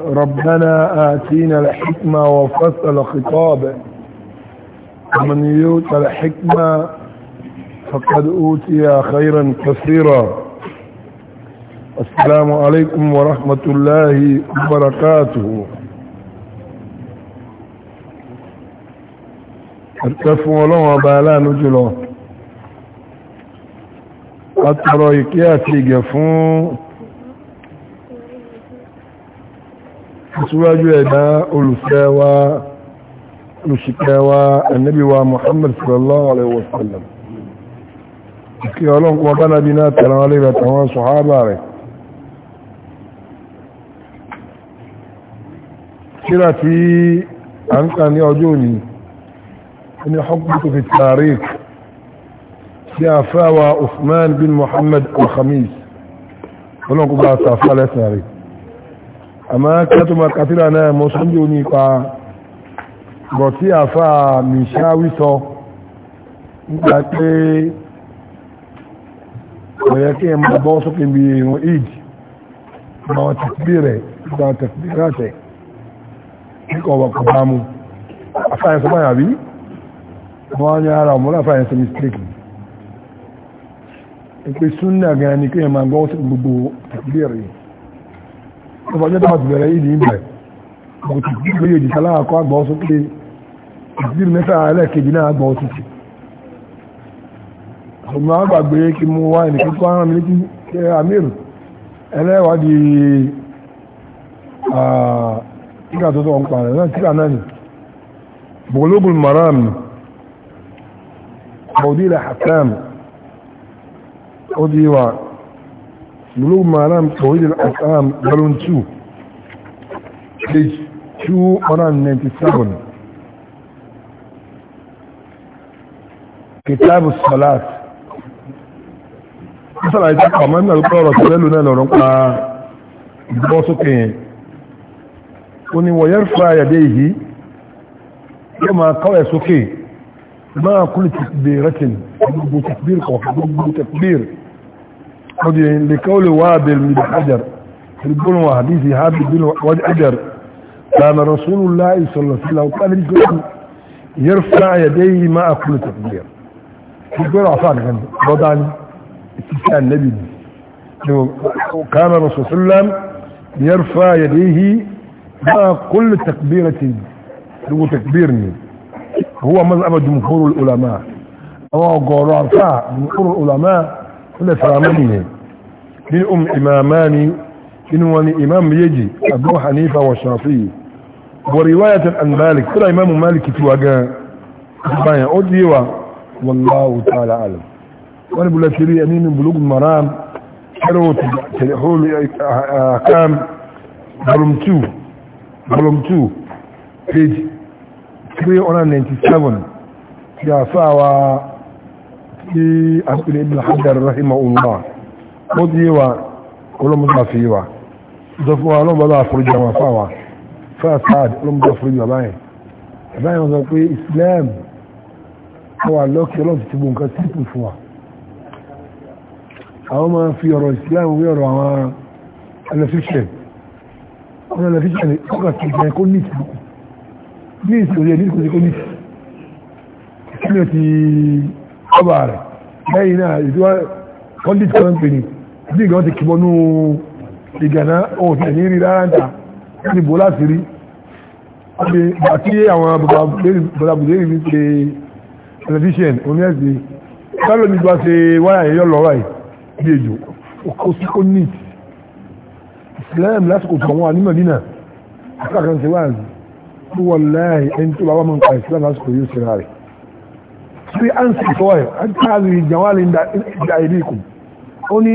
ربنا آتينا الحكمة وفصل خطابه ومن يؤت الحكمة فقد أوتي خيرا كثيرا السلام عليكم ورحمة الله وبركاته ẹ̀tẹ́fún ọlọ́wọ́n ọba aláàánú أترى látọrọ ìkẹ́ síwájú ẹ̀dá olùfẹ́ wa olùṣìkẹ́ wa ẹ̀nẹ́bí wa Muhammad sallallahu alaihi wasallam kí ọlọ́n kọ́ bá nábi náà tẹ̀lé wọn lérẹ̀ tàwọn sọ̀hábà rẹ̀ kíra tí a ń kà ní ọjọ́ òní ní hukuku fi tarik tí a fẹ́ bin Muhammad al-Khamis ọlọ́n bá sàfẹ́ lẹ́sìn àmá kẹtùmọ̀ kàtírà náà mọ́ sọ́njú ní ipa bọ̀ tí àfá mìṣáwí sọ nígbà pé ọ̀yẹ́ kí ẹ máa bọ́ sókè bí ìwọ̀n ìd ma wọ́n tẹ̀síbí rẹ̀ nígbà tẹ̀síbí ráṣẹ̀ nígbà ọ̀wọ̀ kò bá mú àfáyẹ̀ sọ báyà rí wọ́n ní ara ọmọ láfáyẹ̀ sọ mistake ìpè súnnà gan ni kí ẹ máa bọ́ sókè gbogbo tẹ̀síbí rẹ̀ ọjọ́ tó bá ti bẹ̀rẹ̀ ìdí ìbẹ̀ mo ti kí lóye òjìká láàkọ́ àgbà ọsókè ìdí mẹ́ta ẹlẹ́ẹ̀kejì náà àgbà ọsókè ọmọ àgbàgbé kí mo wá ẹnì kíkọ́ ara mi létí amíru ẹlẹ́wàádìí kíkà tó tọ́ ń pa rẹ̀ náà kíkà náà ni bọ̀lógún maram kọ̀ọ̀dí ilẹ̀ hakam ó di بلوغ مالام توحيد الأسلام بلون 2 page 297 كتاب الصلاة صلاة الجمعة من القرى تلالنا لرنقى بوسكين وني ويرفع يديه كما قوى سكين ما كل تكبيرة تكبير قوى تكبير لقول وابل بن حجر يقول وحديثي هابل بن حجر كان رسول الله صلى الله عليه وسلم كان يرفع يديه مع كل تكبير يقول عصان كان وضعني اتساء النبي كان رسول صلى الله عليه وسلم يرفع يديه مع كل تكبيرة هو تكبيرني هو مذهب جمهور العلماء هو قرار جمهور العلماء ilẹ̀ faramani ne nínú um imamani inú wani imam méjèèjì abu hanifa wa shafi wa riwayatan an malik kira imam malik ti wa gan bayan o di wa wallahu ta'ala alam wani bulashiri a ninin bulugun maram karo telehol akam volume 2 volume 2 page 397 ya sawa في أسئل ابن حجر رحمه الله مضي ولم يضعفي ضفوا لهم ولا أفرج وفاوا فأسعد لم يضعفرج وباين باين وضعفي إسلام هو اللوك يلون تتبون كتبون فوا أما في يرى إسلام ويرى ما أنا في شيء أنا في شيء فقط يكون نيس نيس ويجب أن يكون نيس كلمة ọba rẹ̀ lẹ́yìn náà ìdíwá condit company bí nǹkan ti kìbọnú ìgànná ohun tẹ̀ ní rí rárá ń ta ní bò láti rí àti àwọn bọ̀dàbùdérì ní ṣe television oníẹ̀sì kálọ̀ nígbà ṣe wáyà yẹyọ lọ́wọ́ yìí bí èjò kò sí kò ní Islam lásìkò tó àwọn anímọ̀dínà àkàkàn ṣe wáyà wọ́n láàyè ẹni tó bá wà mọ̀ nípa Islam lásìkò yóò ṣe rárẹ̀ tí a ń sì fọ́ ẹ̀ káàrí jawali ìdá ìrí ikú ó ní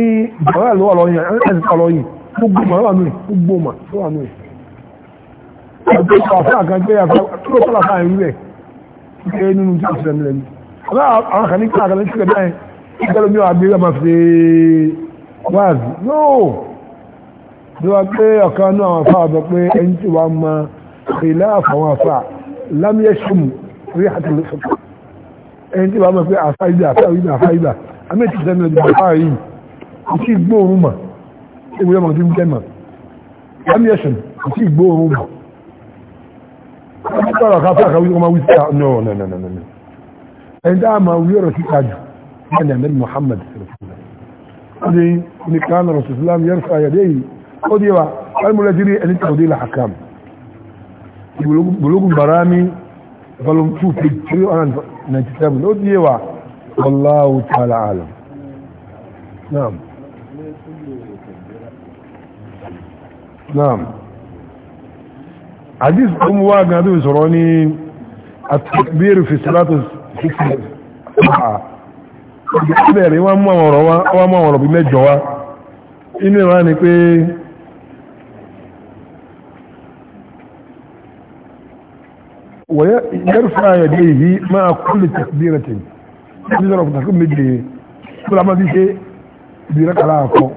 jawali lọ́wọ́ lọ́yìn ẹ̀sìn kọ́ lọ́yìn gbogbo ma lọ́wọ́ nùí gbogbo ma lọ́wọ́ nùí ọjọ́ ìpàfẹ́ àgbẹ́ àgbẹ́ tó tọ́lá fáà ń rẹ̀ ṣe nínú tí a ti rẹ̀mí lẹ́nu àwọn kan ní káàkiri tí kẹ̀kẹ́ ẹ̀ ìgbẹ́lómi àgbẹ́ rẹ̀ máa fi wáàzì ẹni tí wàá ma kìlá àfàwọn afáà lámúyẹ́sùn ẹni tí wàá mọ̀ pé àfa ibà àfa ibà àfa ibà àmì ètò ìsẹ́mi ọdún àfa yìí kò sí ìgbóòórùn mà ewu yẹn mọ̀ tí ń tẹ́ mà àmì ẹ̀sùn kò sí ìgbóòórùn mà wọ́n tọrọ ká fún àkàwé ọmọ wí síta no no no no no ẹni tí a máa wí ọ̀rọ̀ síta jù wọ́n ní àmì ó ní volume 2 page 397 ó díye wa wallahu ta'ala alam naam naam hadith tó mú wá gan tó sọ̀rọ̀ ní at-takbir fi salatu sikir ọ̀gbẹ̀rẹ̀ wọ́n mú àwọn ọ̀rọ̀ bí mẹ́jọ wá inú ìwá ni pé ويرفع يديه مع كل تكبيرة يضرب تكون مديه كل عمل دي شيء بيرك على عفو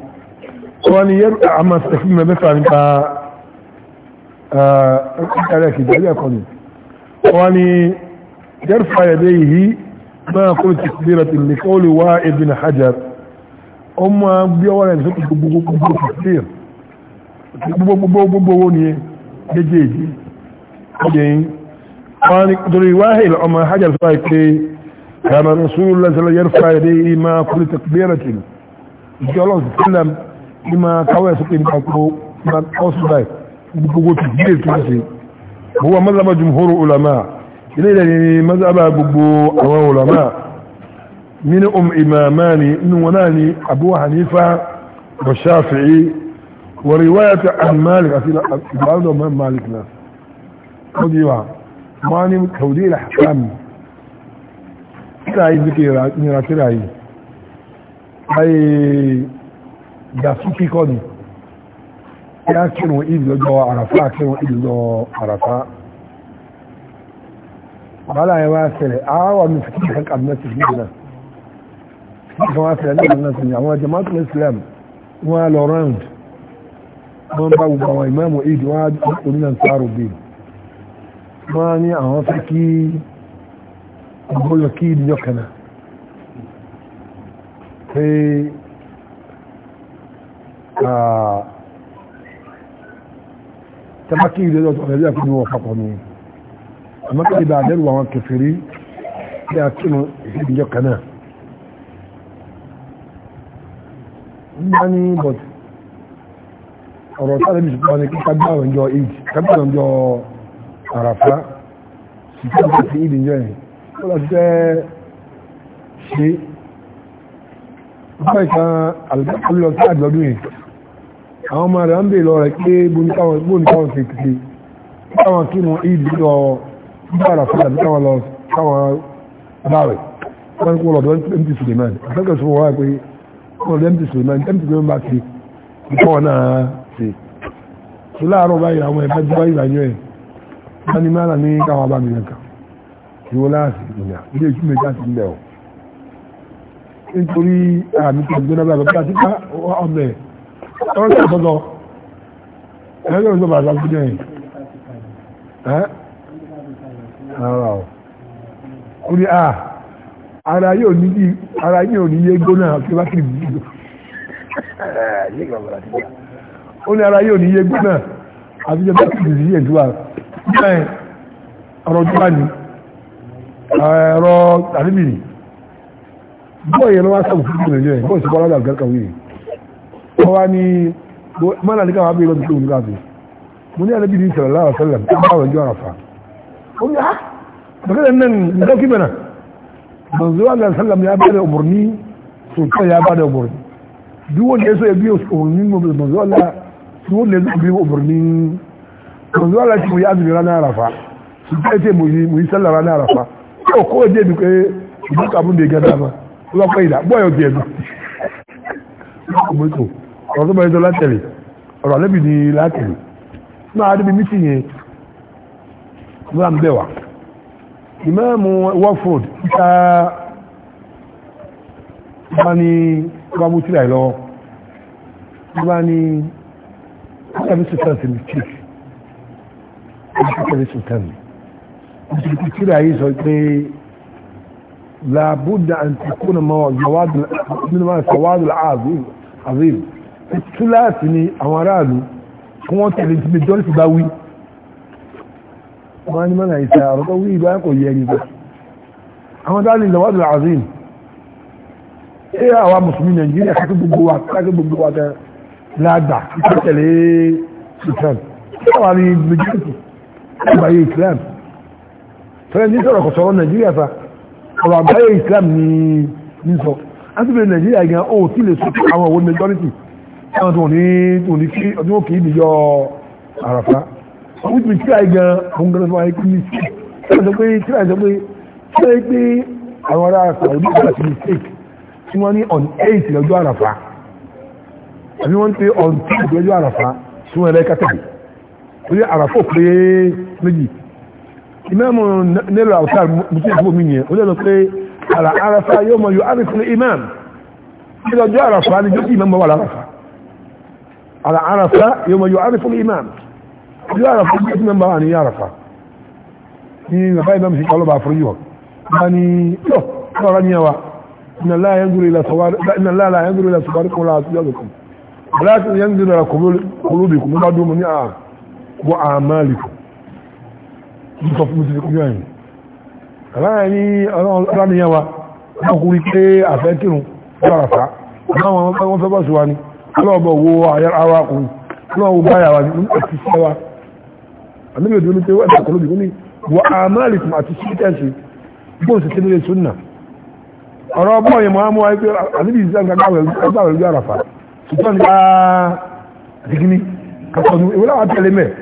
وان يرفع عما استكبير ما بيرفع انت عليك دعية قليل وان يرفع يديه مع كل تكبيرة لقول وائد بن حجر أما بيولا يسوك تكبير gbogbo gbogbo gbogbo wo قال واهل أما حجر فايك كان رسول الله صلى الله عليه وسلم يرفع يديه ما كل تكبيرة يقول الله سلم بما قوي سكين قلقه ما قوص بقوة تكبير تنسي هو مذهب جمهور علماء إليه مذهب بقوة علماء من أم إمامان نوناني أبو حنيفة والشافعي ورواية عن مالك أسئلة أبو مالك ناس قد يوعى wani taudi da hakan kirayi suke nira kirayi ai da su kíkọ́ ni ya kírun ìdí lọ́jọ́ àràfá kírun ìdí lọ́jọ́ àràfá bala ya wá sẹ̀rẹ̀ àwọn mi fi kan kàmínà sí ìdí náà fi kan wá sẹ̀rẹ̀ náà náà sẹ̀rẹ̀ àwọn jama'atul islam wọ́n lọ round bá gbogbo àwọn ìmáàmù ìdí wọ́n á onílẹ̀ sáàrù bíi wọ́n ní àwọn fẹ́ kí ọgbọ́lọ kí ìdíjọ́ kanáà pé tàbákí ìdíjọ́ ọ̀rẹ́lẹ́ àkúrò wọ́n papọ̀ ní àmọ́kà ìbà àdẹ́rù àwọn kẹfẹ̀rí bí a kí ìdíjọ́ kanáà nígbà ní ọ̀rọ̀ sáré bí ṣùgbọ́n ní kí kágbà ọ̀rọ̀ ìjọ àràfá ìjọba ti ìdí ìjọ yẹn ó lọ jẹ́ ṣe ọgbọ́n ìkan alùlọ sí àjọdún yìí àwọn ọmọ rẹ̀ ń bè lọ rẹ̀ pé bóníkáwọn sì kìí káwọn kí wọn ìdí lọ nígbà àràfá tàbí káwọn lọ káwọn báwẹ̀ wọ́n kó lọ́dọ̀ mp suleiman akẹ́kọ̀ọ́ sọ wọ́n pé wọ́n lọ́dọ̀ mp suleiman mp suleiman bá ti kọ́ náà ṣe láàárọ̀ báyìí àwọn ẹ̀fẹ́ jẹ́ báyìí wọ́n ni mẹ́rin ah, ní káwọn bá mi nìkan ìwọ láàsì ìyà ilé ìtú méjì àti ilẹ̀ ọ̀ nítorí àmì tó gbóná bá bàbá àti ọmọ ẹ̀ ọ̀rọ̀ sí àtọ́tọ́ ẹ̀rọ ìjọ bàbá àti ọmọ ẹ̀ ẹ́ ara yóò ní bí ara yóò ní yé gbóná kí bá kiri bùdó ó ní ara yóò ní yé gbóná àti ìjọba kiri bùdó yé ìtura bẹ́ẹ̀ ọ̀rọ̀ jùlọ ni ẹ̀rọ àríbìrì bọ́ọ̀ yẹn ló wá sábò fún ìgbìyànjú ẹ̀ bọ́ọ̀ sí bọ́ọ̀lá àgbẹ̀ kàwé rẹ̀ wọ́n wá ní mọ́nà ní káwàá bí lọ́dún tó ń gáàbì mo ní àríbìrì ìṣẹ̀lẹ̀ láwọ̀ sẹ́lẹ̀ tó bá wọ̀ jọ àràfà ó ní á bàkẹ́lẹ̀ náà nǹkan kí mẹ́nà manzo Allah sallam ya bada umarni sultan ya bada umarni duk wanda ya so ya biyo umarnin manzo Allah duk wanda ya so ya biyo umarnin kò sí wàhálà tí mo yá àdùnmí rán náírà fa ìjẹ́ tí mo yí sẹ́lẹ̀ rán náírà fa tí ò kó o débi pé ìlú kàmúndé gẹ́gẹ́ náà lọ́pọ̀ ìdá bọ́ọ̀yọ̀ tiẹ̀ nù. ọ̀rọ̀ tó bá yẹ sọ látẹ̀lé ọ̀rọ̀ alẹ́bì ni látẹ̀lé náà adébí mítì yẹn ló ń bẹ̀ wá ìmáàmù Watford ìta bá ní bá mú tíra ẹ̀ lọ́wọ́ bá ní bá ní sọ́kàn sí mi chief ìṣẹ́kẹ̀lẹ̀ sultan ìṣẹ́kẹ̀ tíra yìí sọ pé làbúdà àtìkúnà mọ́wàá sọ̀wádùn àzíl túláàtì ni àwọn aráàlú kí wọ́n tẹ̀lé ti mẹjọ́rì ti bá wí wọ́n ni mọ́nà ìta àrọ́kọ́ wí ìbá kò yẹ ẹni bá àwọn dáàlì lọ́wọ́dùn àzíl ẹ àwa mùsùlùmí nàìjíríà kákẹ́ gbogbo wa kákẹ́ gbogbo wa tẹ́ láàgbà tẹ́tẹ̀lé sultan kí wọ́n rí mẹjọ́rì àgbáyé islam tọ́lẹ̀ ní sọ̀rọ̀ kọ̀sọ̀rọ̀ nàìjíríà fa ọ̀rọ̀ àgbáyé islam ní sọ asìbìrì nàìjíríà gan ó tí lè sọ́tọ̀ àwọn òwe majority táwọn tó ní tó ní kí ọdún òkè ìbí yọ àràfá wọ́n ti tíra gan fún gan fún ayé kúlí sí tíra sọ pé tíra sọ pé tíra pé àwọn ará sàrúdí ìgbà ti mistake tí wọ́n ní on eight lọ́jọ́ àràfá àbí wọ́n ń pe on two lọ́jọ́ àràfá tí wọ́n rẹ̀ kátàkì oye àràfò pé méjì ìmáàmù nílò àwùtá mùtí ìfúgbò mi nìyẹn ó lọ́nà pé àrà àràfà yóò mọ̀ yóò àràfà ní ìmáàmù kí lọ́jọ́ àràfà ni jọ́sí ìmáàmù wà láràfà àrà àràfà yóò mọ̀ yóò àràfà ní ìmáàmù ọjọ́ àràfà ní jọ́sí ìmáàmù wà ní àràfà ní bàbá ìmáàmù sí kọlọ́bà àforíjì wọ̀ bá ní yọ ọ̀rọ̀ ní ẹwà iná láàyè ń gúrò ilẹ̀ sọ̀wárí kọ́lá àti yọ́ wọ́n a máa lè fún sọ fún sí kúrò ẹ̀yìn aláàrin ọlọ́niyàn wa náà kúrí pé àfẹ́ kírun lọ́ràfà náà wọ́n fẹ́ bọ́sù wa ni ọlọ́ọ̀bọ̀ wo ara kù lọ́wọ́ báyà wa ní ẹ̀sì sí wa àmìlẹ̀ òdúró pé wọ́n ẹ̀sàkọ́ lóbi ní wọ́n a máa lè fún àti sí tẹ̀sí bó sì tẹ́lẹ̀ súnà ọ̀rọ̀ ọgbọ́n yẹn máa mú wa pé àbíbí ìsìlẹ̀ nǹkan gbàwẹ̀ lójú àràfà ṣùgbọ́n ní ká àti kíní kàtọ́nù ìwé láwọn tẹ̀lé mẹ́ẹ̀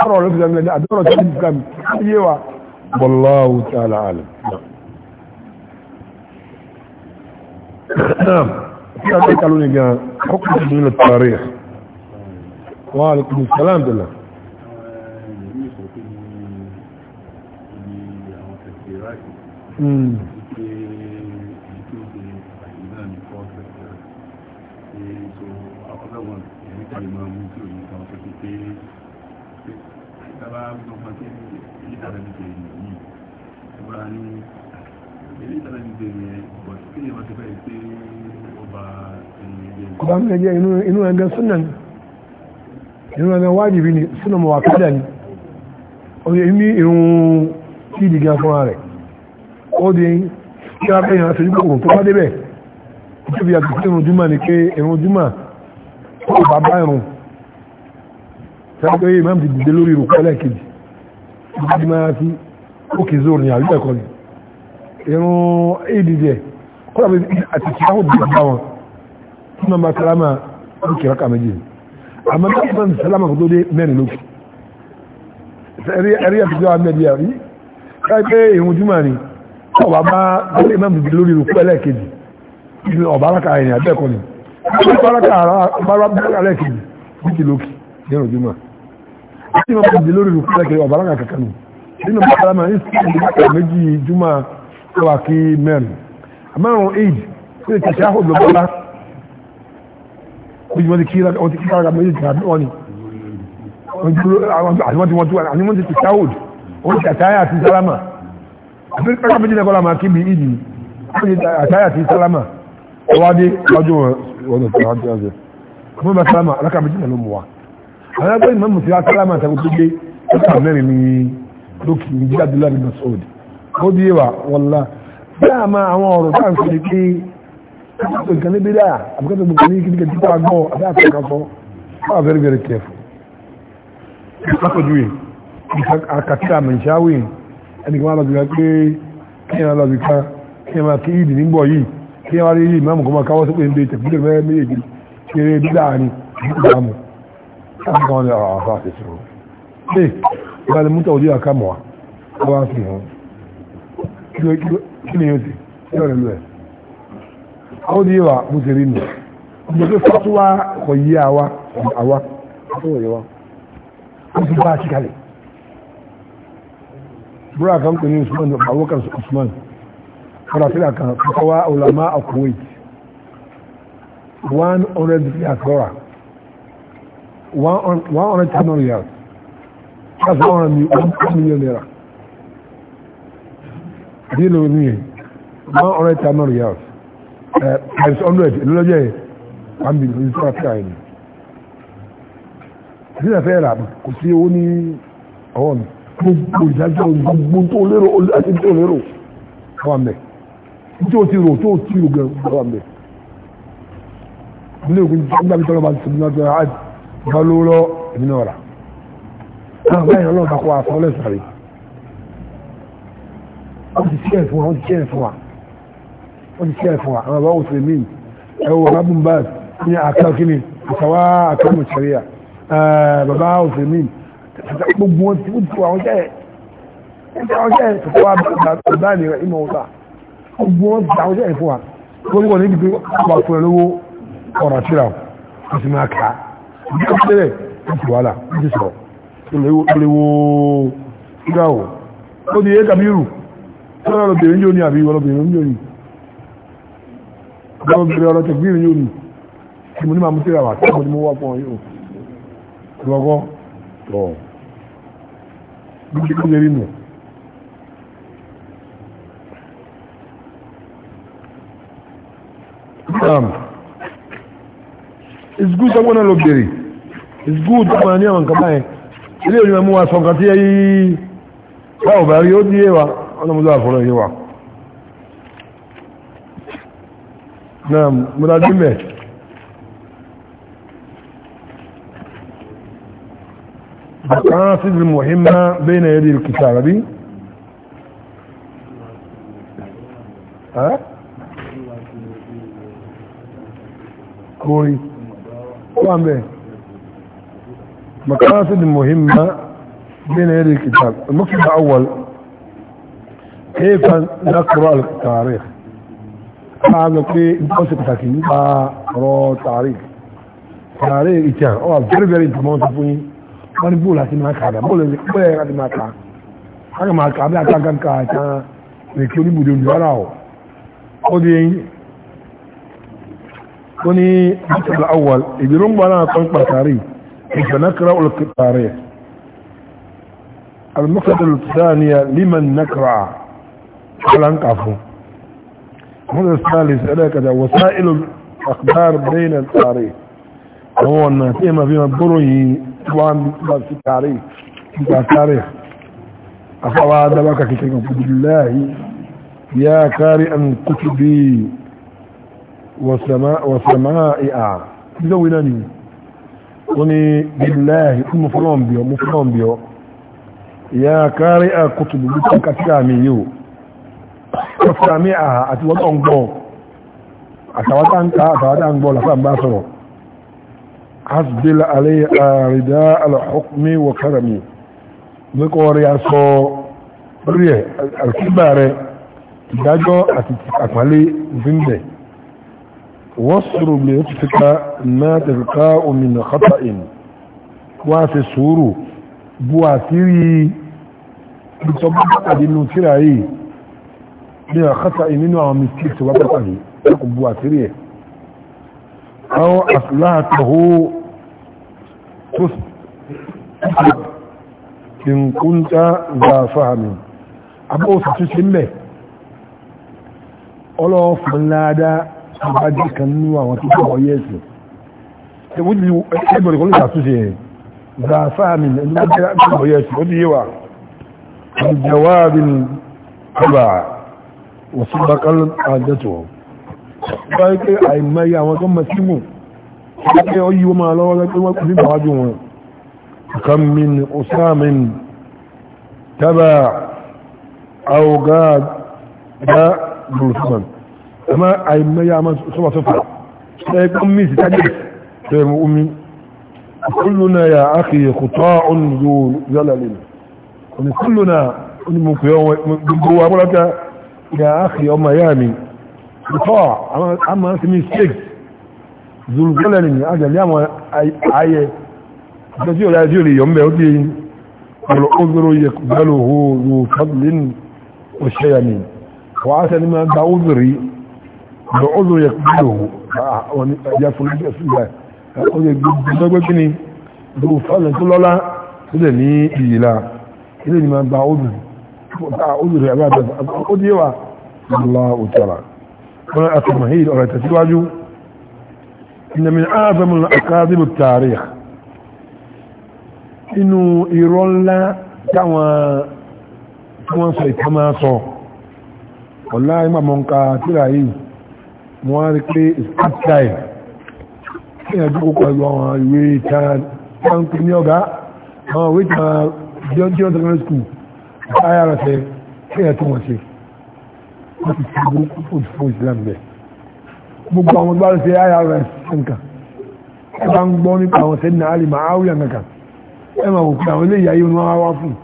ọ̀rọ̀ ló fi sọ mílẹ̀ àdúrà tó ti kàmì yé wa bọ́láwù tí a láàlẹ̀ tí a tẹ́ kalóni gan ọkùnrin tó nílò tààrí ẹ̀ wọ́n a lè kùnú sálàm dìlà Mm ìtàbá gbọ́nfà tí ìtàbá ti bẹ̀rẹ̀ yìí ìwà ní ilé ìtàbá ti bẹ̀rẹ̀ bọ̀ sí kíyàn wọ́n ti bẹ̀rẹ̀ pé ọba ọba mi ẹjẹ inú ẹgbẹ́ súnà ni inú ẹgbẹ́ wájìbí ni súnà mọ̀ wàkádà ni ọdún èmi irun tí ìdí gan fúnra rẹ̀ ó di kí a fẹ́ ìrìnàṣẹ́ ojú tó bá débẹ̀ ìjọba ìjọba ìjọba ìjọba ni pé ìrun júmà ọba bá ìrun sáàgbé imam ti dìde lórí ìrùkọ́ ẹlẹ́kejì ìdí máa fi ókè zoro ní àríwá ẹ̀kọ́ ni irun add ẹ̀ kọ́lá bí àti kíláwó bí bá wọn tí wọ́n bá sálámà ó kìí rákà méjì àmọ́ bí wọ́n ti sálámà kó tó dé mẹ́rin lókè ẹ̀rí àtijọ́ amẹ́bí àrí sáàgbé ìrun júmọ̀ ni ọba bá gbé imam dìde lórí ìrùkọ́ ẹlẹ́kejì ìdí ọba alákà ẹ̀yìn àbẹ́ẹ̀kọ́ ni ọba alákà ẹ̀yìn àbẹ́ẹ̀kọ́ ni ọba alákà ẹ̀yìn àbẹ́ẹ̀kọ́ ni ọba alákà ẹ̀yìn àbẹ́ẹ̀kọ́ ni ọba alákà ẹ̀yìn àbẹ́ẹ̀kọ́ ni ọba alákà ẹ̀yìn àbẹ́ẹ̀kọ́ ni ọba alákà ẹ̀yìn àbẹ́ẹ̀kọ́ ni ọba alákà ẹ̀yìn àbẹ́ẹ̀kọ́ ni ọba alákà ẹ̀yìn àbẹ́ẹ̀kọ́ ni ọba alákà ẹ̀yìn àbẹ́ẹ̀kọ́ ni ọba alákà ẹ̀yìn àbẹ́ẹ̀kọ́ ni ọba alákà ẹ̀yìn àbẹ́ẹ̀kọ́ ni ọba alákà ẹ̀yìn àbẹ́ẹ̀kọ́ ni ọba alákà ẹ̀yìn àbẹ́ẹ̀kọ́ ni tí wọ́n bá di lórí rúfin lẹ́kẹ̀ẹ́ ọ̀bàrán kankan nínú mọ́sálámà ní sílẹ̀ méjì júmọ́ wà kí mẹ́rin àmọ́rùn aid tí ìkẹ̀ ṣe àhùn lọ́gbọ́lá bí wọ́n ti kí wọ́n ti kí kára méjì tàbí wọ́n ni àníwọ́n ti wọ́n tó àníwọ́n ti kí àhùn wọ́n ti salama, àti sálámà àti kára méjì lẹ́kọ́lá máa kí bí ìdì wọ́n ti àtàyà àti sálámà ọwádé lọ́jọ́ wọn ọ̀dọ̀ tó àwọn agbẹ́ ìmọ̀ mùsùlùmí asálámà tàbí gbé ọ̀tà mẹ́rin ní lókì ní jíjá ní masoud ó di wà wọlá bẹ́ẹ̀ máa àwọn ọ̀rọ̀ tá à ń sọ ní pé akẹ́kọ̀ọ́ nǹkan níbi dáa àbúkẹ́tọ̀ nǹkan ní kíkẹ́ títà gbọ́ àbẹ́ àtọ́kasọ́ wà very very careful. lápẹ̀júwe àkàtà mẹ̀nsáwì ẹnì kan máa lọ bìkan pé kí ẹ̀ máa lọ bìkan kí ẹ̀ máa kí ìdì nígbọ̀ yìí kí ẹ̀ máa rí yìí máàmù kan máa káwọ́ sókè ń bẹ tẹ̀kútẹ̀ mẹ́rin méjèèjì kéré bí láàrin ìdí káàkiri ọ̀rọ̀ àfáà ti sọ̀rọ̀ pé ìgbàlẹ̀ mútọ̀ ojú àkàmọ̀ wa wá sí hàn kí ni yóò ti kí lọ́rẹ̀ lú ẹ̀ ó di wa mo ti rí nù ọjọ́ pé fatuwa kò yí àwa àwa fatuwa yẹ wa ó ti bá a ti kalẹ̀ búra kan pè ní usman abubakar usman farafila kan fatawa ulama akuwait 100 billion dollar 110 riyal that's 1 million naira deal with me 110 riyal uh, times 100 lọ́jọ́ yìí 1 million ní sọ́ra fíà yìí sí ẹ̀fẹ́ rà kò sí owó ní ọwọ́ mi gbogbo ìdájọ́ gbogbo tó lérò àti tó lérò wà tí ó ti rò tó ti rò gẹ̀ẹ́ wà mẹ́ ilé ìgbìyànjú gbàgbé tọ́lọ́ bá ti sọ̀rọ̀ náà balúrọ́ èmi náà rà náà báyìí ọlọ́run bá kó aṣọ lẹ́sàrẹ́ wọ́n ti ṣe ẹ̀fún wa wọ́n ti ṣe ẹ̀fún wa wọ́n ti ṣe ẹ̀fún wa àwọn ọba òsè mí ẹ̀wọ̀ rabin baz ní àkàkíní àtàwà àkàmù sẹ́ríà bàbá òsè mí gbogbo wọn ti wútu àwọn jẹ́ àwọn jẹ́ tọ́tọ́ wa bàbá mi rẹ̀ ní ọ̀pẹ̀lẹ̀ ìtù wàhálà ìtù sọ ìléwó ìgbàwó ó di ẹ́kà mírù tọ́lá ọlọ́bìnrin yóò ní àbí ọlọ́bìnrin yóò ní ọlọ́bìnrin ọlọ́tẹ̀gbìnrin yóò ní kí mo ní máa mú tíra wà tí mo wá pọ̀ yóò lọ́gọ́ tọ̀ bí kí lè rí nù It's good someone will be it's good ó máa ní àwọn nǹkan báyẹn ilé ìwé mú wa sọ nǹkan tí yí báwo bá rí ó ní yéwa ọ̀nà mọ́lá àfọ́rọ̀ yéwa náà mọ́lá dímẹ̀ المقاصد المهمة بين يدي الكتاب دي ها كوري وان بيه مقاصد مهمة بين هذه الكتاب المقصد الأول كيف نقرأ التاريخ قال في انتوسك تاكين قرأ تاريخ تاريخ إتان أو very very important فوني wọ́n bóòlù àti máa kà dà bóòlù bóòlù àti máa kà á máa kà فنقرأ التاريخ المقصد الثانية لمن نقرأ فلا نقفه المقصد الثالث ألاك وسائل الأخبار بين التاريخ هو أن تيمة فيما مدبره وان بس التاريخ انت التاريخ أفضل دبك كتب بالله يا كارئا كتبي وسماء وسمائع زوينني ó ní bíláì kí mo fọ́lọ́n bí ọ mo fọ́lọ́n bí ọ ìyá kárí àkótùbù bí kí kàtíkà mi yìí ó kàtíkà mi àhà àti wọ́n tó ń gbọ́ àtàwátà ń ká àtàwátà ń gbọ́ làfà ń bá sọ̀rọ̀ asbil alẹ́ àrídá alhukmi wa karami mẹ́kọ̀ rí aṣọ rí ẹ̀ àkíbà rẹ̀ ìdájọ́ àti àpálẹ́ ìfínbẹ̀ واصرب لنفسك ما تلقاء من خطأ واسي سورو بواسيري بتبقى قديم تراي من خطأ منه عم يستيقظ وبطني تقوم بواسيري أو أصلحته تثبت إن كنت ذا فهم أبو ستشمه أولو فلادا bá jẹ́ kan nínú àwọn tó kọ́ ọyẹ́ ẹ̀sìn ẹ̀wọ́n ti ẹgbẹ̀rẹ̀ kan ló ṣàtúnṣe ẹ̀ gbà fáàmì ẹni bá jẹ́ kan ọyẹ́ ẹ̀sìn ó ti yé wa ìjẹ̀wáàbìn ọba òṣùbákan àjẹtọ̀ báyìí pé àìmọye àwọn tó mọ̀ símù pé ó yíwọ́ máa lọ́wọ́ lẹ́pẹ́ wọ́n kò sí bàwájú wọn kan min usamin taba augad ẹ̀mọ́ àìmọ́yà máa sọ́wọ́ sọ́fà ẹgbọ́n mi ti tájẹ̀ tẹ̀mù omi kúlùnà yà ákì kùtọ́ ọ̀nà yóò yọ́lá lè ní kúlùnà onímọ̀kùyọ́ gbogbo agbọ́lọ́ta yà ákì ọmọ yà mi kùtọ́ àmà sí mi steak zulgolẹ̀ ni àjẹ̀lẹ̀ àwọn ayẹ ìtọ́jú ọ̀yà tí ó lè yọ̀ mbẹ̀ ó bí ọ̀rọ̀ ògbèrò yẹ gbẹ́lò hó yóò fọ́dúlé ní òṣèyà ni wàá sẹ́ni máa gba ògbèrè lọ́ọ̀lù yẹ kúrò àwọn ẹ̀yà fúnlẹ́gbẹ̀ sílẹ̀ ọ̀yẹ̀ gbogbo gíní gbogbo fọ́lẹ̀ tó lọ́lá sílẹ̀ ní ìyìlá ilé ni máa gba odù odù rẹ̀ abájọ́ odù yẹwà lọ́lá òtàrà wọ́n àtàmà hìí ọ̀rọ̀ ìtẹ̀síwájú ìnàmìn ààbẹ̀mù àkádìbò tààrí inú irọ́ ńlá táwọn tí wọ́n sọ ìtàmà sọ ọ̀lá ìmàmọ̀ǹkà tíra yìí wọ́n rí pé scott time ní ẹjọ́ pẹ̀lú àwọn ìwé ìtàǹkì ní ọ̀gá àwọn ìwé ìtàn john secondary school ayárasẹ̀ kí ẹ̀ tó wọ́n ṣe wọ́n ti ṣe burúkú fòtí fún islam bẹ̀ gbogbo àwọn gbára ṣe ayárasẹ̀ nǹkan ẹ bá ń gbọ́ nípa àwọn sẹ́dínà alì máa áwùyà nǹkan ẹ máa wò pé àwọn ilé ìyáyé wọn wá fún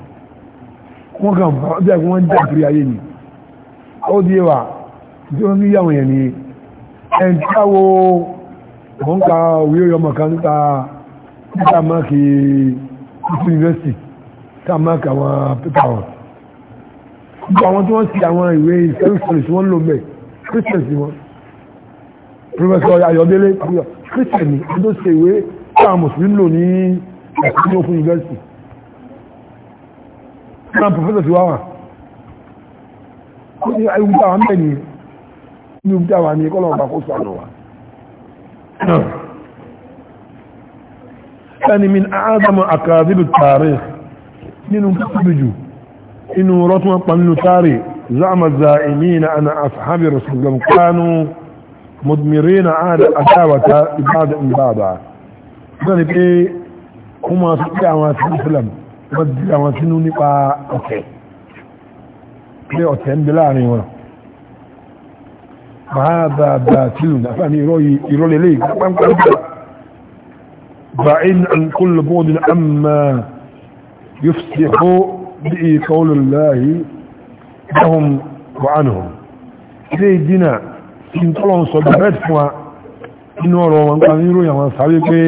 wọn kàn bí i wọ́n jà kiri ayé ni ó di tí wọ́n ní yàwọn yẹn nìyẹn ẹ̀ntáwó wọ́n ká òwe ọmọ kan níta níta máàkì ìsìn university níta máàkì àwọn pépà wọn gbogbo àwọn tí wọ́n ti àwọn ìwé ìsẹ́rìsìrì tí wọ́n lò mẹ́ christian sí wọn professor ayọ̀délé christian ni ó tó ṣe ìwé táwọn mùsùlùmí lò ní ẹ̀kọ́ ní òfin university náà professor ti wá wà ó ní ayélujára mẹ́rin ní ojú àwọn àmì ẹkọ́ lọ́gbà kó sànà wà ẹni min àádámọ̀ àkàzíbì tààrí nínú kásìbì jù inú rọ́tún pàmínú tààrí za'ama za'imina ana ashabi rasulullah kanu mudmirina ada adawata ibada ibada zani pe kuma su ti àwọn asin islam wadda àwọn sinu nípa ọ̀tẹ̀ هذا باطل فاني روي يرول لي بعين عن كل بود عما يفسح به قول الله لهم وعنهم ilé ìdínà tí ń tọ́lọ̀ ń sọ bẹ̀rẹ̀ fún wa inú ọ̀rọ̀ wọn kan nírò yàwọn sáré pé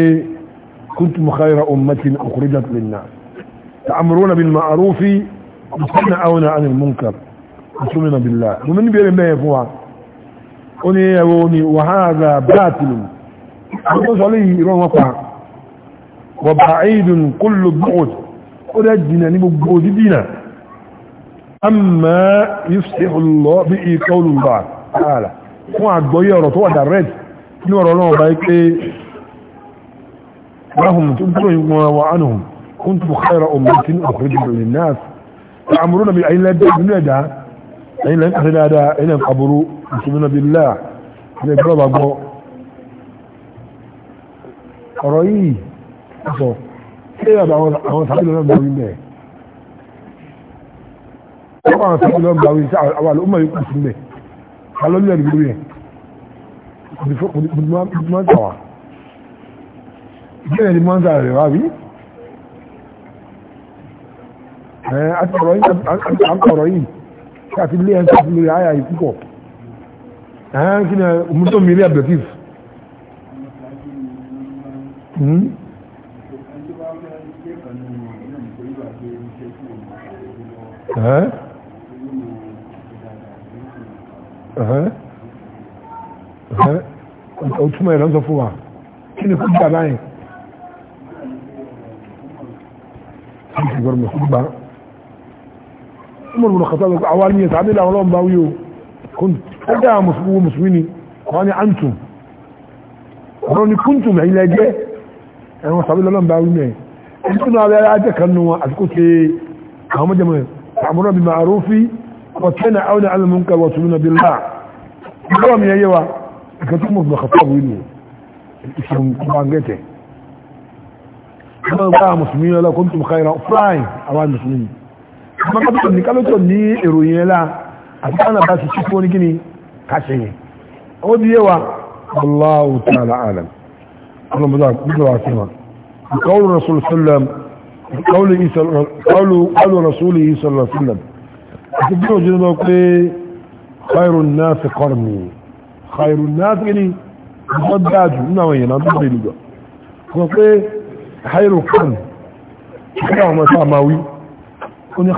kuntum khayra ummatin ukhrijat lin-nas ta'muruna bil ma'rufi wa tanhauna 'anil munkar wa tu'minuna billah mo ní bẹ̀rẹ̀ mẹ́yẹ fún wa ó ní ẹwọ ni wàhálà bátìlù àwọn sọ léyìí ìran wọn pa wọ̀bà aidun kúlù bọ́ọ̀d ó dẹ́ jìnà ní gbogbo dídínà amma yusufullo bí i kọlù bá ààlà fún àgbọ́yé ọ̀rọ̀ tó wà direct ní ọ̀rọ̀ كنت خير أمة أخرجت للناس تعمرون بالعين لا بإذن الله أين لن أخرج هذا أين ìṣòmínà bí láà ní ẹgbẹ́ ọba gbọ́ ọ̀rọ̀ yìí sọ ṣé àbá àwọn sábìlì náà gbọ́ wíńdẹ̀ ọkọ̀ àwọn sábìlì náà gbọ́ wíńdẹ̀ àwọn àlọ́ ọmọ yìí kù sílẹ̀ alọ́ nílẹ̀ ìlú rẹ̀ kùdùmọ́ ń tàwà ìbéèrè ni mọ́ńtà rẹ̀ àti ọ̀rọ̀ yìí àti ilé ẹ̀ ń sọ fún mi àyà ẹ̀hán kí ni ọmọdé mi rí abdulatif ọtúmọ̀ ẹ̀rọ ń sọ fún wa kí ni kúgbà báyìí kí ni kúgbà ọmọdé mi rí abdulatif àwọn àmì ẹ̀sà àbílẹ̀ àwọn ọlọ́mọba wí o كنت أجا مسلميني وأنا أنتم أروني كنتم إلى جاء أنا وصابي لهم باويني أنتم على العادة كانوا أتكوتي هم جمع تعمرون بالمعروف وتنعون على المنكر وتؤمنون بالله قام يا يوا كنتم بخطاب ويني الاسم كبانجته كما بقى مسلمين لو كنتم خيرا فراين أوان مسلمين كما قبل أن نكالوتو ني إرويلا àti káwọn bá ṣe ṣí fún oníkíní káṣẹ yẹn ó di yẹwa Allahu ta'ala alam ọlọ́mọdé àkókò wa sí wọn kọ́ọ̀lù rasul sallam kọ́ọ̀lù rasul yìí sallam sallam àti bí òjò lọ pé khairun nas qarni khairun nas kìíní ọjọ́ dájú nínú àwọn èèyàn náà tó lè lùgbọ́ sọ pé khairun qarni kí àwọn ọmọ sáà máa wí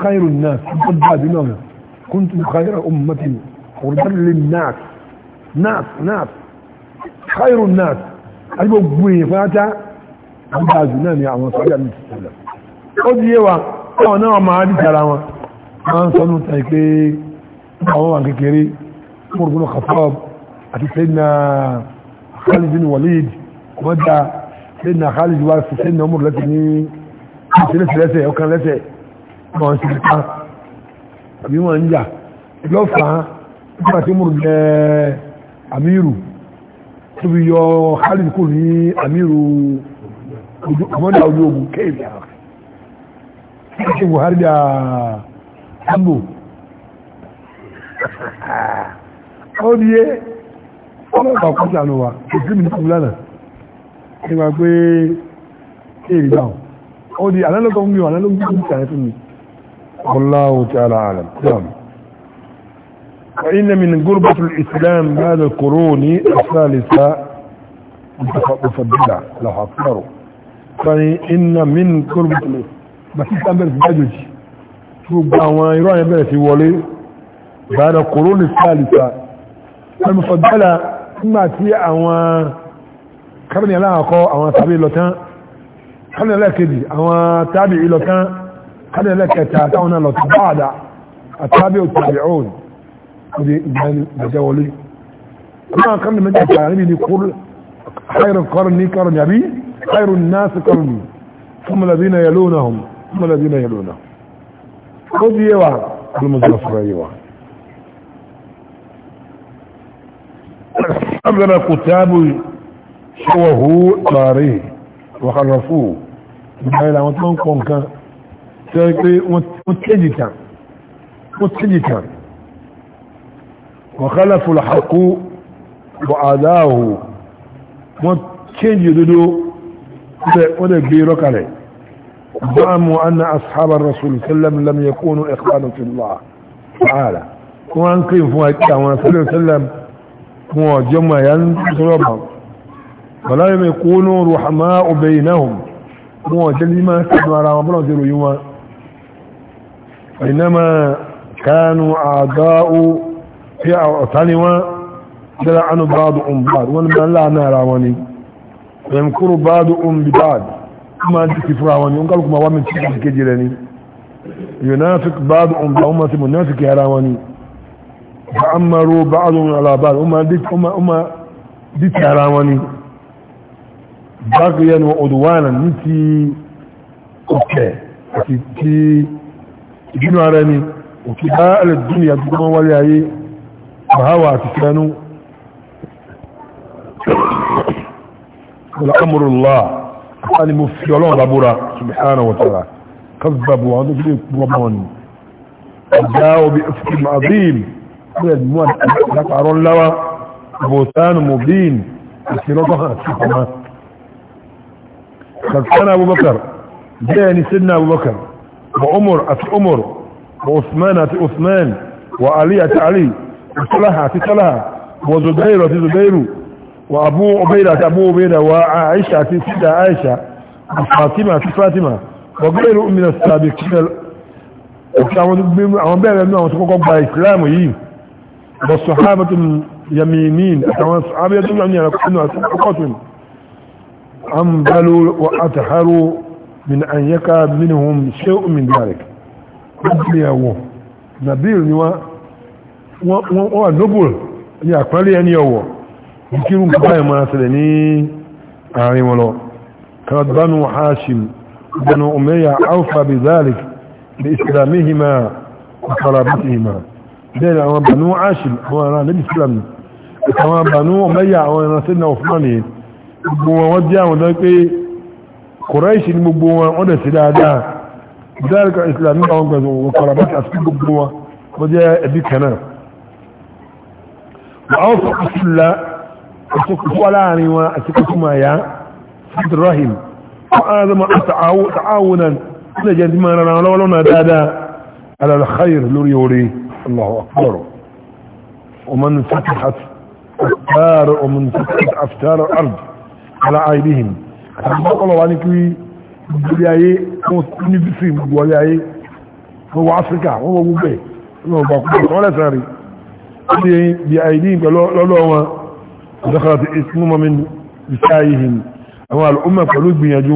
khairun nas ọjọ́ dájú náà كنت خير أمة أخرجا للناس ناس ناس خير الناس أجب أبوه فاتا أبو عزنان يا أمان صلى الله عليه وسلم قد يوا أو نوع ما عادي كلاما أمان صلى الله عليه وسلم أو أنك أتي سيدنا خالد بن وليد ومدى سيدنا خالد وارث سيدنا عمر لتني ثلاثة ثلاثة أو كان ثلاثة ما هو سيدنا àbí wọ́n ń jà lọ́fàá nígbà tí mo jẹ́ amíru tó fi yọ Khalid kò ní amíru kọmọ́dà ojú ogun kéèfì ṣe Buhari dà sambo ó di yé ọlọ́pàá kọ́sí àná wa ìsìn mi ní kùn lánàá nígbà pé kéèfì dáhùn ó di àlálọ́gbọ̀n mi ò àlálọ́gbọ̀n mi والله تعالى أعلم نعم وإن من قربة الإسلام بعد القرون الثالثة متفضلة لها أكثر فإن من قربة الإسلام بس الإسلام بلس بجج شوف بأوان يروح بلس يولي بعد القرون الثالثة المفضلة ما تي أوان كرني لها أقوى أوان تابعي لتان كرني لها كذي أوان تابعي لتان قال لك تاتون لو تبعد اتابع التابعون ودي مجاولي كما قال لما جاءت عربي يقول خير القرني قرن يبي خير الناس قرني ثم الذين يلونهم ثم الذين يلونهم خذ يوا المزرفر يوا أبدا قتاب شوهو طاري وخرفوه بحيلا ما تنقون كان tí wọ́n pé wọ́n tẹ́jì tán wọ́n tẹ́jì tán wọ̀kálà fòlàkó bọ̀ زعموا أن أصحاب الرسول صلى الله عليه وسلم لم يكونوا إخوانا في الله تعالى وأن قيم إتا وأن صلى الله عليه وسلم هو جمع ينصرهم ولا يكونوا رحماء بينهم هو جلما سبنا رحمه الله إنما كانوا أعداء في أعطانوا دلعن بعضهم بعض ونما لا ناراوني ويمكر بعضهم ببعض كما تكفراوني ونقالك ما ومن تكفر كجراني ينافق بعضهم بهم منافق يراوني فأمروا بعضهم على بعض أما ديت أما أما ديت يراوني بغيا وعدوانا نتي أوكي أتي جنو عرامي وكباء الدنيا بجمع ولي فهو عتسانو والأمر الله كان مفجلون ربورا سبحانه وتعالى كذبوا ونجلق ومون وجاءوا بإفق عظيم كل الموان أحلق عرون لوا بوتان مبين السلطة السلطة كان أبو بكر جاني سنة أبو بكر وعمر أت عمر وعثمان أت عثمان وعلي أت علي وصلها أت صلها وزبير أت زبير وابو عبيدة أت أبو عبيدة وعائشة أت سيدة عائشة وفاطمة أت فاطمة وغير من السابقين àwọn bẹ́ẹ̀rẹ̀ náà tó kọ́kọ́ gba ìsìláàmù yìí bọ̀ sọ̀hábàtún yaminin àtàwọn sọ̀hábàtún yaminin àkọ́kọ́tún àmbálò من أن يقع منهم شيء من ذلك قبل يوم نبيل و ونبل يقبل أن يوم يمكن كباية ما سلني أعلم الله كانت بنو حاشم بنو أمية أوفى بذلك بإسلامهما وقرابتهما دين أما بنو حاشم هو نبي سلم أما بنو أمية أو سيدنا عثماني ووديا وذلك قريش المبوة عدى سلادة ذلك الإسلام أنقذوا وقربت أسكي المبوة وجاء ذي كنا وأوفق السلة أسكي فلاني وأسكي سمايا سيد الرحيم فآذم تعاونا نجد ما نرى لولو نادادا على الخير لريولي الله أكبر ومن فتحت أفتار ومن فتحت أفتار الأرض على أيديهم àgbàkọ̀lọ̀ wá ní kí ìgbèrè ayé ní bísí gbogbo ọlẹ́ ayé wọ́n wọ áfíríkà wọ́n wọ gbogbo ẹ̀ wọ́n wọ gbogbo ọ̀sán lẹ́sàn rí ó ní bí àìdí ìgbẹ́ lọ́lọ́ wọn ọ̀dọ́kọ̀lọ̀ ti ìsinmọ́ mi ìṣẹ́ ayé hìn àwọn al'umma pẹ̀lú gbìyànjú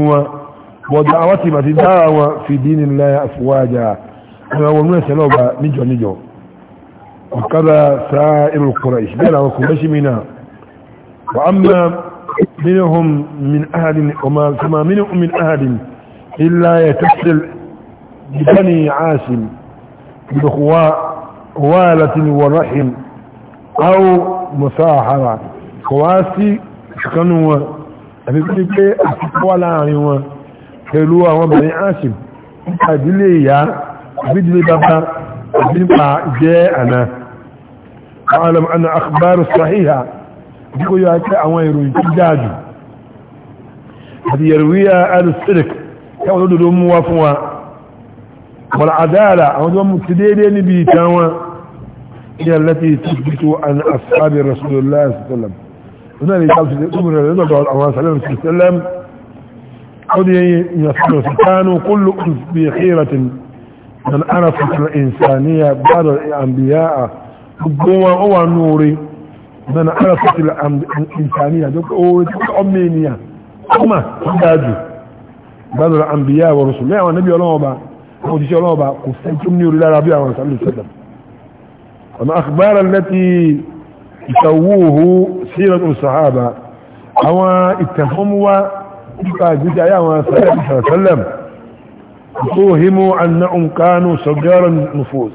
wọn bọ̀dá منهم من أهل وما كما منهم من أهل إلا يتصل ببني عاسم والة ورحم أو مساحرة خواسي كانوا أبيكي بي أسكوا لعنوا كيلوا وبني بني عاسم أدلي يا أبيدلي بابا أبيدلي جاءنا أعلم أن أخبار صحيحة díkò yóò àti àwọn ìròyìn tó dáadù àti yẹ̀rùwíyà al-sirk káwọn tó dòdó mú wá fún wa wọ́n àdáàlà àwọn tó mú ti déédéé níbi ìtàn wọn ní àlẹ́tì tó gbìtò an asábi rasulullah sallam wọ́n náà lè ta òṣìṣẹ́ tó múra lọ́dọ̀ tó àwọn sàlẹ̀ sallam ó di yẹn yàtọ̀ sàtánù kúlù bí xíratin من أنا فتر إنسانية بعد الأنبياء gbogbo wọn ó wà nú orin nana arafat al-insaniya duk o ọmọ ènìyàn ọmọ dájú gbádùn àmbíyá wa rusul lẹ́yìn àwọn níbi ọlọ́wọ́ bá àwọn òṣìṣẹ́ ọlọ́wọ́ bá kò fẹ́ tó ní orí lára bí àwọn ìsàlù sẹ́dàm ọ̀nà akhbara allati ìtawóhu síratu sahaba àwọn ìtẹ̀fọ́múwá nípa àgbéjà ayé àwọn sàlẹ̀m tóhimu annahum kanu sọ̀gẹ́rọ̀ nufus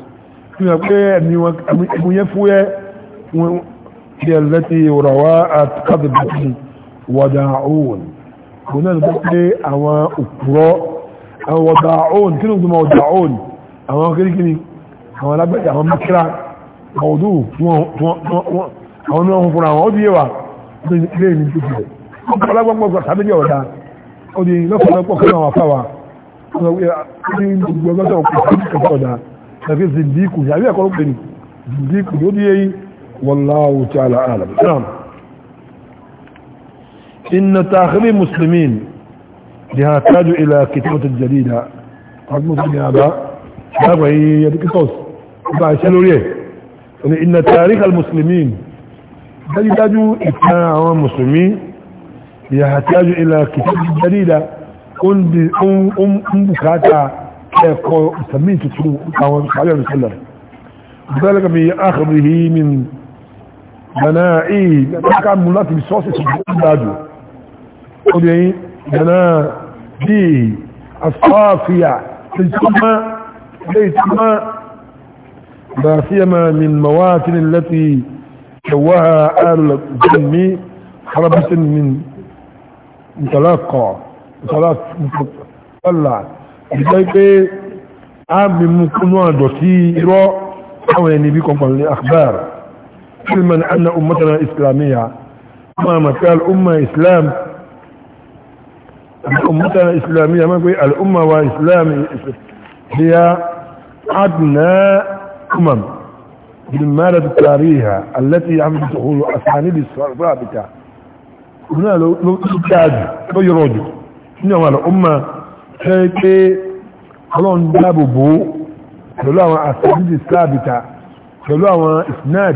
fi hàn pé ẹ̀mí wọn ẹ̀mí yẹn fúyẹ́ هي التي رواءت قذبة وداعون هنا نبقى اوا اقراء او وداعون كنو دم وداعون اوا كني كني اوا لابد اوا مكرا موضوع اوا نوع فنا ودي وا ليه من تجي ولا بقى بقى سابي جودا ودي لو كنا بقى كنا وفاوا ni gbogbo ọgbọ́n tó kọ́ sí ìkọ́sọ́dá ṣàfihàn zindikù yàrá ìkọ́lùpẹ̀ ni zindikù yóò di yẹ́yìn والله تعالى أعلم نعم إن تأخير المسلمين يحتاج إلى كتابة جديدة قد طيب، مسلم هذا هذا هي يدكتوس بعشلوا طيب، ليه يعني إن تاريخ المسلمين يحتاج إتناع المسلمين يحتاج إلى كتابة جديدة أم بكاتا كيكو سمين تتلو صلى الله عليه وسلم ذلك من آخره من gbẹ̀nà èyí ká mú láti bí sọ́ọ̀sì tó dájú obìnrin gbẹ̀nà bí asọ́ọ̀fíà tí tó má lè tó má bá sí ẹmà min mawatin lati kẹwàá alùlọ́gbẹ̀mí harabitin min mutalakọ̀ mutalakọ̀ ìgbẹ́ pé a mímú kúnnú àdọ̀ sí irọ́ àwọn ẹni bí kọ̀ǹkọ̀lẹ̀ akbar علما أن أمتنا إسلامية أما ما قال أمة إسلام أمتنا إسلامية ما يقول الأمة وإسلام هي أدنى أمم بالمالة التاريخة التي يعمل تقول أسانيد الثابتة هنا لو تاج لو يروج هو الأمة شيء كلون دابو بو كلون أسانيد الثابتة كلون إسناد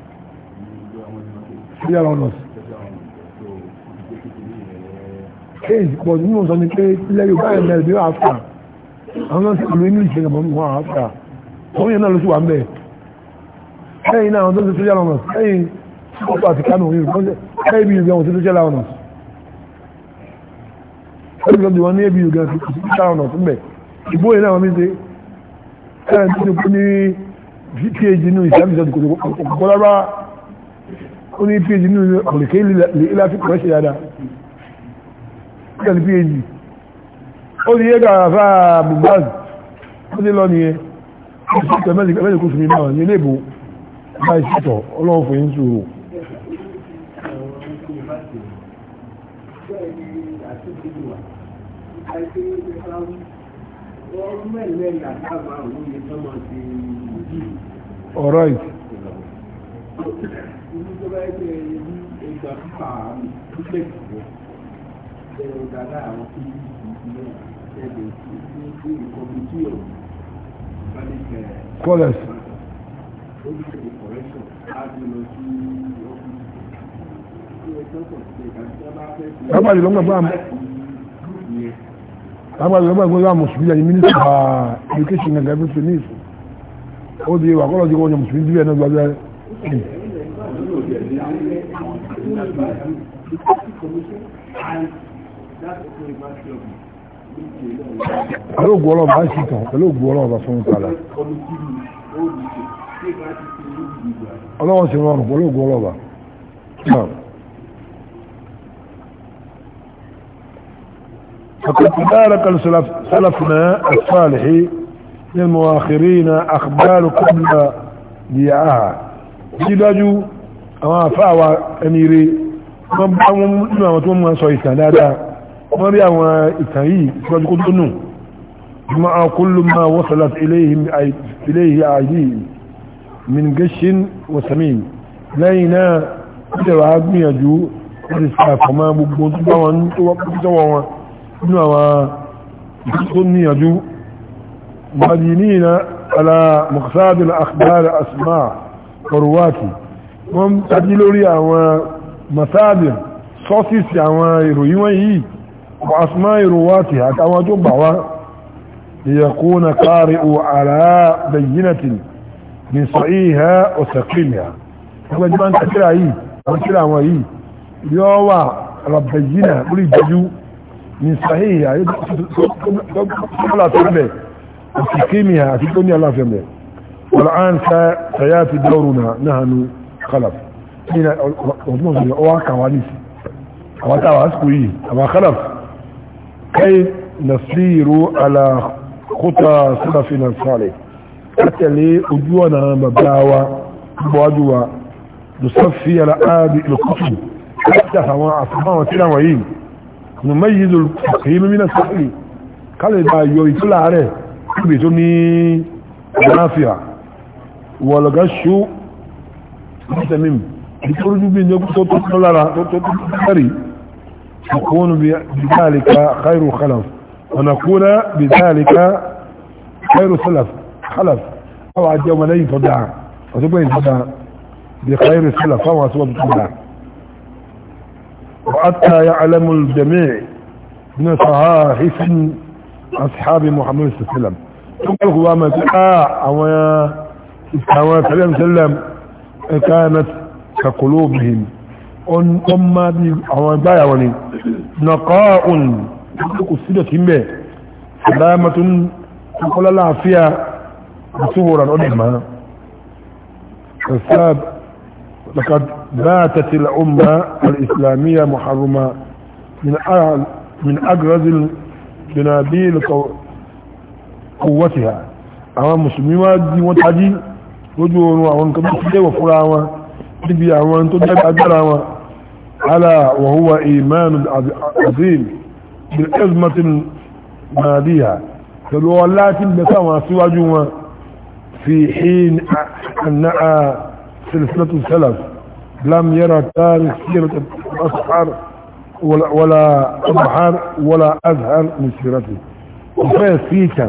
three rounders. kéèjì pọ̀ ní mọ̀ sọ ni pé ilẹ̀ Yorùbá ẹ̀ mẹ́rin bí wàá fà àwọn náà sì lu English ẹ̀ mọ̀ wọn àá fà wọ́n yẹn náà ló sì wà ń bẹ̀ lẹ́yìn náà àwọn tó ń ṣe three rounders lẹ́yìn ọkọ̀ àti Kánò yìí lẹ́yìn bí Yorùbá wọn ṣe three rounders. lẹ́yìn lọ́dún wọn ní ebi Yorùbá ṣe three rounders ń bẹ̀ ìbò yẹn náà wọ́n mi ṣe ẹ̀rọ tó ti kú ní phd nínú ìsàmì ìsàmì kò ó ní phd nínú ọ̀lẹ̀kẹ́ ilá fi kọ̀ọ́ṣe dáadáa ó ní phd ó ní yẹ́gà àfá bùbáàz ó ní lọ nìyẹn ó sì tẹ̀ mẹ́lẹ̀kú sí nínú àwọn ilé ìbò bá ìṣẹ́tọ̀ ọlọ́run fòyín sùúrù All right bá yẹ kí ẹni ìgbà fà á mi pípẹ́ ẹ ọ̀gá náà àwọn tó ní ìdílé ẹ̀dẹ̀ ní ní ìkọ̀mìtì ọ̀ balẹ̀ ẹ̀. kọ́lẹ̀s. ó ti ṣe ìkọ̀rẹ́ṣọ̀ láti lọ sí ọ́fíìsì. lábàdì lọ́gbà bá lábàdì lọ́gbà gbọ́dọ̀ àwọn mùsùlùmí yà ní mínísítà education and everything ní ó di ewu àkọ́lọ́dé wọn yàn mùsùlùmí díẹ̀ náà gbọ́dọ̀ ẹ̀ and pẹ̀lú ògbó ọlọ́ọ̀bá ń ṣe tàn pẹ̀lú ògbó ọlọ́ọ̀bá fún un ọlọ́wọ́ sí rọrùn pẹ̀lú ògbó ọlọ́ọ̀bá فقد تبارك سلفنا الصالح للمؤخرين أخبار قبل بيعها في àwọn afa àfáàwà emire wọ́n bá wọn nínú àwọn tó mọ́ sọ ìtàn dáadáa wọ́n rí àwọn ìtàn yìí síwájú kó tó nù jùmọ́ àkúlù máa wọ́n sọ̀lá iléyìí àyè mingashin wasami lẹ́yìn náà ìjọba gbìyànjú láti sí àfọ̀mọ́ gbogbo tó bá wọn tó wọ́n wọn nínú àwọn tó níyànjú مدينين على مقصاد الأخبار أسماع ورواتي wọ́n ń tají lórí àwọn masáàbì sọ́sìsì àwọn ìròyìn wọ́n yìí wọ́n asmá ìròwà ti àtàwọn tó gbà wá liyakuna qari'u ala bayyinatin min sahiha wa saqimiha ẹgbẹ́ jẹ́ máa ń tàkírà yìí àwọn tírà àwọn yìí yóò wà rabayyina lórí ìjọjú min sahiha tó bẹ̀ wa saqimiha àti tó ní aláfẹ́ bẹ̀ wọ́n á ń sẹ́yà ti dọ́rùn náà náà kálàf ní ọdún ọ̀sẹ̀ ọwọ́ kàwá nìsí àwọn táwọn àsìkò yìí àwọn kálàf kai nasiru ala kúta sálàfin sálẹ̀ látẹ̀lé ojú ọ̀nà bàbá wa gbọ́wájú wa nùsọ́fì ala áàbì ìlúkùtù láti àwọn àfihàn tí wọ́n yìí nùmẹ́yìí lùkùtù mímí náà sọ́fì kálẹ̀ bá yọ ìtúlà rẹ̀ níbi tó ní àlàáfíà wọ̀lọ̀gáṣú مهتمين نكون بذلك خير خلف ونكون بذلك خير سلف خلف او عجب من اي فدعا وسبين فدعا بخير سلف او سبب فدعا وأتى يعلم الجميع من صحاحف أصحاب محمد صلى الله عليه وسلم ثم القوامة آه أو يا إسحاق صلى الله عليه وسلم كانت كقلوبهم أما دي أو بايا نقاء قصيدة به سلامة تقول لها فيها بصورا أنما الساب لقد باتت الأمة الإسلامية محرمة من أعلى من أجرز جنابيل قوتها أما مسلمين دي وتعدي lójú oorun àwọn nǹkan tó léwọ̀ fúnra wọn níbi àwọn tó jẹ́ agbára wọn ala wa huwa imanu azim bil azmatin madiya pẹ̀lú ọlá tí ń bẹ sáwọn síwájú wọn fi hin anna'a silsilatu salaf lam yara tarikh sirat ashar wala azhar wala azhar min sirati ọ̀fẹ́ síkà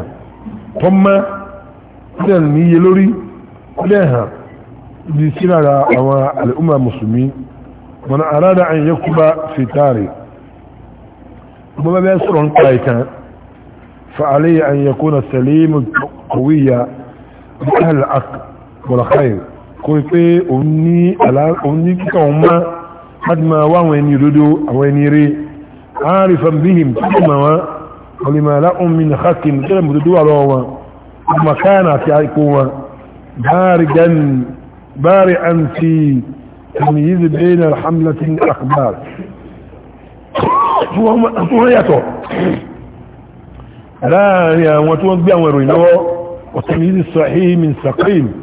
tọ́mọ́ sílẹ̀ níye lórí لها أو الأمة المسلمين من أراد أن يكتب في تاريخ وما بيسر عن قائتان فعليه أن يكون سليم قوية بأهل العقل والخير كويبي أمني ألا أمني كوما قد ما وين يردو وين يري عارفا بهم كما ولما لهم من حق كلمة دوا لهم مكانة يكون باردا بارعا في تمييز بين الحملة الأخبار فهميته لا يا وتوان بيان ويروينو وتمييز الصحيح من سقيم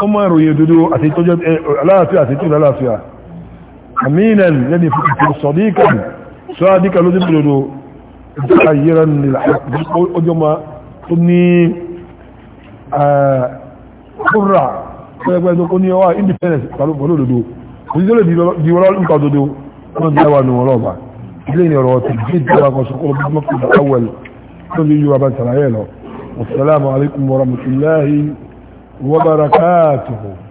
ثم يريدو أتيتوجد لا فيها أتيتوجد لا في أمينا الذي فكر صديقا صادقا لذي بلدو تخيرا للحق أجمع تبني آه kúrà pẹ́ẹ́pẹ́ tó kó ní ọwá independence pẹ̀lú òdodo òṣìṣẹ́ lè di wọ́n nípa òdodo wọ́n ti dáwà nù wọ́n lọ́ba ilé ìrìn ọ̀rọ̀ ti gbé ìjọba kan sọ kọ́lọ́ bímọ kí awẹ́l tó ní yorùbá bá ń sàlàyé lọ wasalaamu alaykum wa rahmatulahi wa barakatuhu.